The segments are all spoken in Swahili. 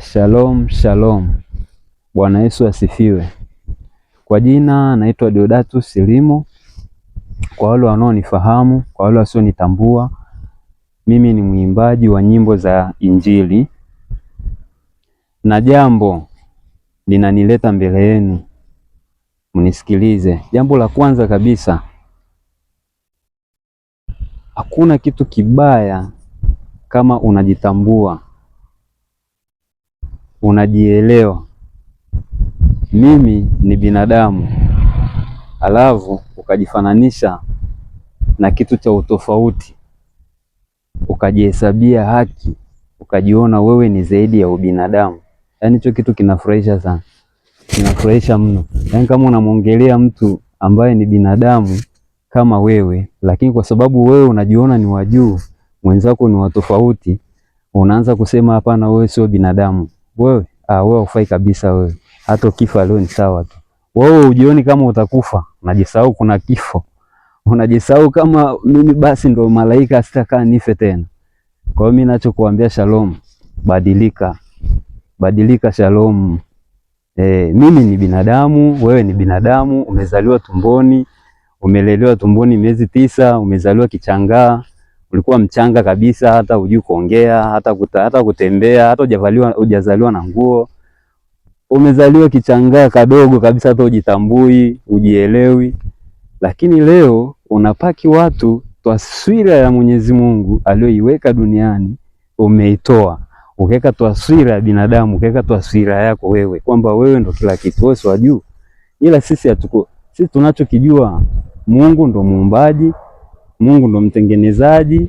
Shalom shalom, Bwana Yesu asifiwe. Kwa jina naitwa Deodatus Silimo. Kwa wale wanaonifahamu, kwa wale wasionitambua, mimi ni mwimbaji wa nyimbo za Injili, na jambo linanileta mbele yenu mnisikilize. Jambo la kwanza kabisa, hakuna kitu kibaya kama unajitambua unajielewa, mimi ni binadamu, alafu ukajifananisha na kitu cha utofauti, ukajihesabia haki, ukajiona wewe ni zaidi ya ubinadamu. Yaani hicho kitu kinafurahisha sana, kinafurahisha mno. Yaani kama unamwongelea mtu ambaye ni binadamu kama wewe, lakini kwa sababu wewe unajiona ni wa juu, mwenzako ni wa tofauti, unaanza kusema hapana, wewe sio binadamu. Wewe ah, wewe ufai kabisa wewe. Hata ukifa leo ni sawa tu. Wewe ujioni kama utakufa, unajisahau kuna kifo. Unajisahau kama mimi basi ndo malaika sitakaa nife tena. Kwa hiyo mimi ninachokuambia Shalom, badilika. Badilika Shalom. E, mimi ni binadamu, wewe ni binadamu, umezaliwa tumboni, umelelewa tumboni miezi tisa, umezaliwa kichangaa ulikuwa mchanga kabisa, hata hujui kuongea, hata, kuta, hata kutembea, hata hujavaliwa hujazaliwa na nguo, umezaliwa kichangaa kadogo kabisa, hata ujitambui, ujielewi. Lakini leo unapaki watu taswira ya Mwenyezi Mungu aliyoiweka duniani umeitoa, ukaweka taswira ya binadamu, ukaweka taswira yako wewe, kwamba wewe ndo kila kitu, wewe wa Ila sisi hatuko sisi, tunachokijua Mungu ndo muumbaji Mungu ndo mtengenezaji,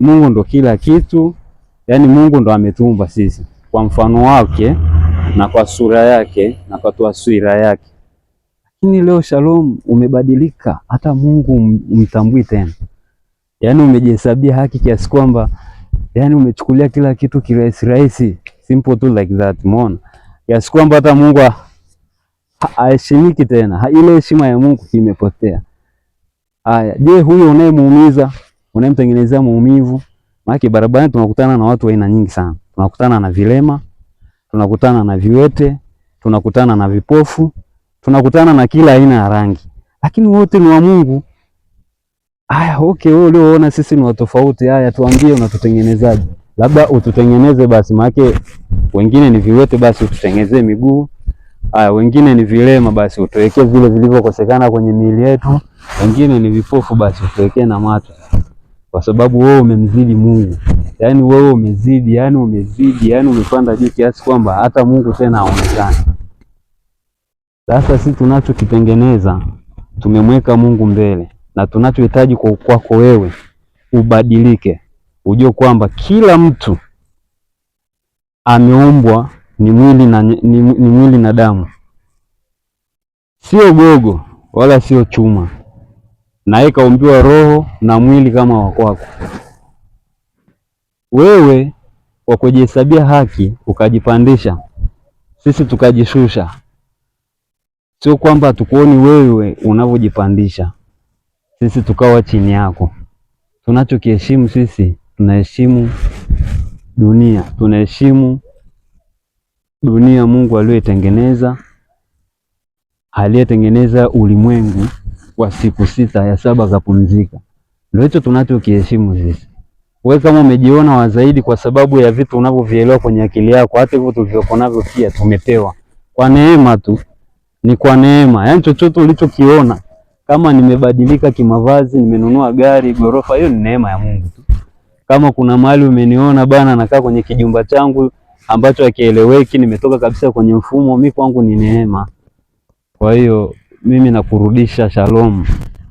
Mungu ndo kila kitu, yaani Mungu ndo ametumba sisi kwa mfano wake na kwa sura yake na kwa taswira yake. Lakini leo Shalom umebadilika, hata Mungu umtambui tena, yaani umejihesabia haki kiasi kwamba yaani umechukulia kila kitu kirahisi rahisi, simple tu like that, umeona, kiasi kwamba hata Mungu aheshimiki tena, ile heshima ya Mungu imepotea. Aya, je, huyu unayemuumiza, unayemtengenezea maumivu, maana barabarani tunakutana na watu aina nyingi sana. Tunakutana na vilema, tunakutana na viwete, tunakutana na vipofu, tunakutana na kila aina ya rangi, lakini wote ni wa Mungu. Aya, okay, wewe ulioona sisi ni tofauti, aya, tuambie unatutengenezaje? Labda ututengeneze basi, maana wengine ni viwete, basi ututengenezee miguu. Aya, wengine ni vilema, basi utuwekee vile vilivyokosekana kwenye miili yetu wengine ni vipofu, basi usiwekee na macho, kwa sababu wewe umemzidi Mungu. Yaani wewe umezidi, yani umezidi, yani umepanda juu kiasi kwamba hata Mungu tena haonekani. Sasa sisi tunachokitengeneza tumemweka Mungu mbele, na tunachohitaji kwa kwako wewe ubadilike, ujue kwamba kila mtu ameumbwa ni mwili na, ni, ni mwili na damu, sio gogo wala sio chuma yeye kaumbiwa roho na mwili kama wakwako wewe, kwa kujihesabia haki ukajipandisha, sisi tukajishusha. Sio kwamba hatukuoni wewe unavyojipandisha, sisi tukawa chini yako. Tunachokiheshimu sisi, tunaheshimu dunia, tunaheshimu dunia Mungu aliyoitengeneza, aliyetengeneza ulimwengu kwa siku sita, ya saba kapumzika. Ndio hicho tunacho kiheshimu sisi. Wewe kama umejiona wa zaidi kwa sababu ya vitu unavyovielewa kwenye akili yako, hata hivyo tulivyoko navyo pia tumepewa kwa neema tu, ni kwa neema. Yaani chochote ulichokiona kama nimebadilika kimavazi, nimenunua gari, gorofa, hiyo ni neema ya Mungu tu. Kama kuna mahali umeniona bana, nakaa kwenye kijumba changu ambacho hakieleweki, nimetoka kabisa kwenye mfumo, mimi kwangu ni neema. Kwa hiyo mimi nakurudisha shalom,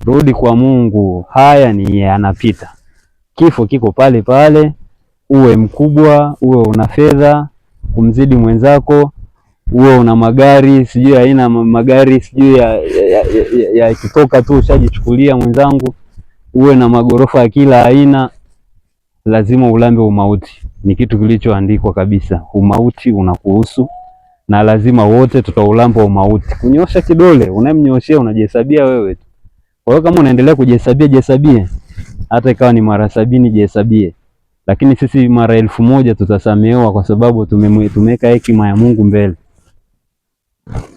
rudi kwa Mungu, haya ni yanapita. Kifo kiko pale pale, uwe mkubwa, uwe una fedha kumzidi mwenzako, uwe una magari sijui aina magari sijui ya, ya, ya, ya kitoka tu ushajichukulia mwenzangu, uwe na magorofa ya kila aina, lazima ulambe umauti. Ni kitu kilichoandikwa kabisa, umauti unakuhusu na lazima wote tutaulamba wa mauti. Kunyosha kidole unamnyoshia unajihesabia wewe tu. Kwa hiyo kama unaendelea kujihesabia jihesabie, hata ikawa ni mara sabini jihesabie, lakini sisi mara elfu moja tutasamehewa, kwa sababu tumeweka hekima ya Mungu mbele,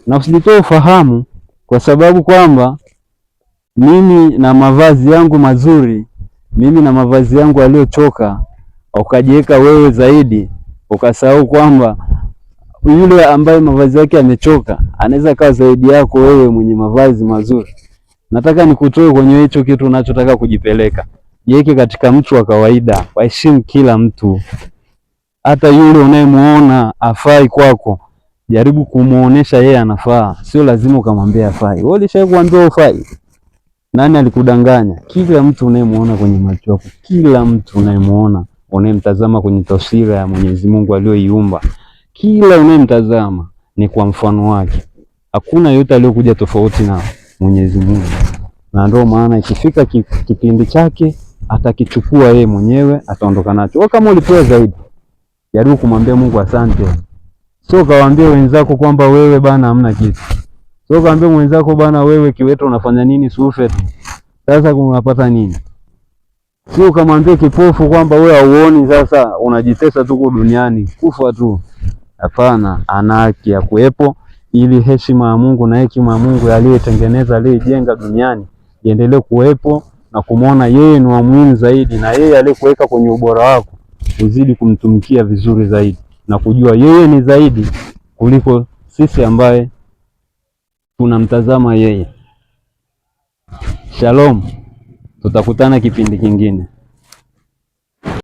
na usijitoe ufahamu, kwa sababu kwamba mimi na mavazi yangu mazuri, mimi na mavazi yangu aliyochoka, ukajiweka wewe zaidi, ukasahau kwamba yule ambaye mavazi yake yamechoka anaweza kawa zaidi yako wewe mwenye mavazi mazuri. Nataka nikutoe kwenye hicho kitu unachotaka kujipeleka, yeke katika mtu wa kawaida, waheshimu kila mtu, hata yule unayemuona afai kwako jaribu kumuonesha yeye anafaa, sio lazima ukamwambia afai. Wewe ulishawahi kuambia ufai? Nani alikudanganya? Kila mtu unayemuona kwenye macho yako, kila mtu unayemuona unayemtazama kwenye taswira ya Mwenyezi Mungu aliyoiumba kila unayemtazama ni kwa mfano wake, hakuna yote aliyokuja tofauti na Mwenyezi Mungu, na ndio maana ikifika kipindi chake atakichukua yeye mwenyewe, ataondoka nacho. Wewe Kama ulipewa zaidi, jaribu kumwambia Mungu asante, sio kawaambia wenzako kwamba wewe bana hamna kitu, sio kawaambia mwenzako bana wewe kiwete unafanya nini, sufe tu sasa unapata nini? Sio kamwambia kipofu kwamba wewe hauoni, sasa unajitesa tu duniani, kufa tu. Hapana, ana haki ya kuwepo ili heshima ya Mungu na hekima ya Mungu aliyetengeneza aliyejenga duniani iendelee kuwepo na kumwona yeye ni wa muhimu zaidi, na yeye aliyekuweka kwenye ubora wako uzidi kumtumikia vizuri zaidi na kujua yeye ni zaidi kuliko sisi ambaye tunamtazama yeye. Shalom, tutakutana kipindi kingine.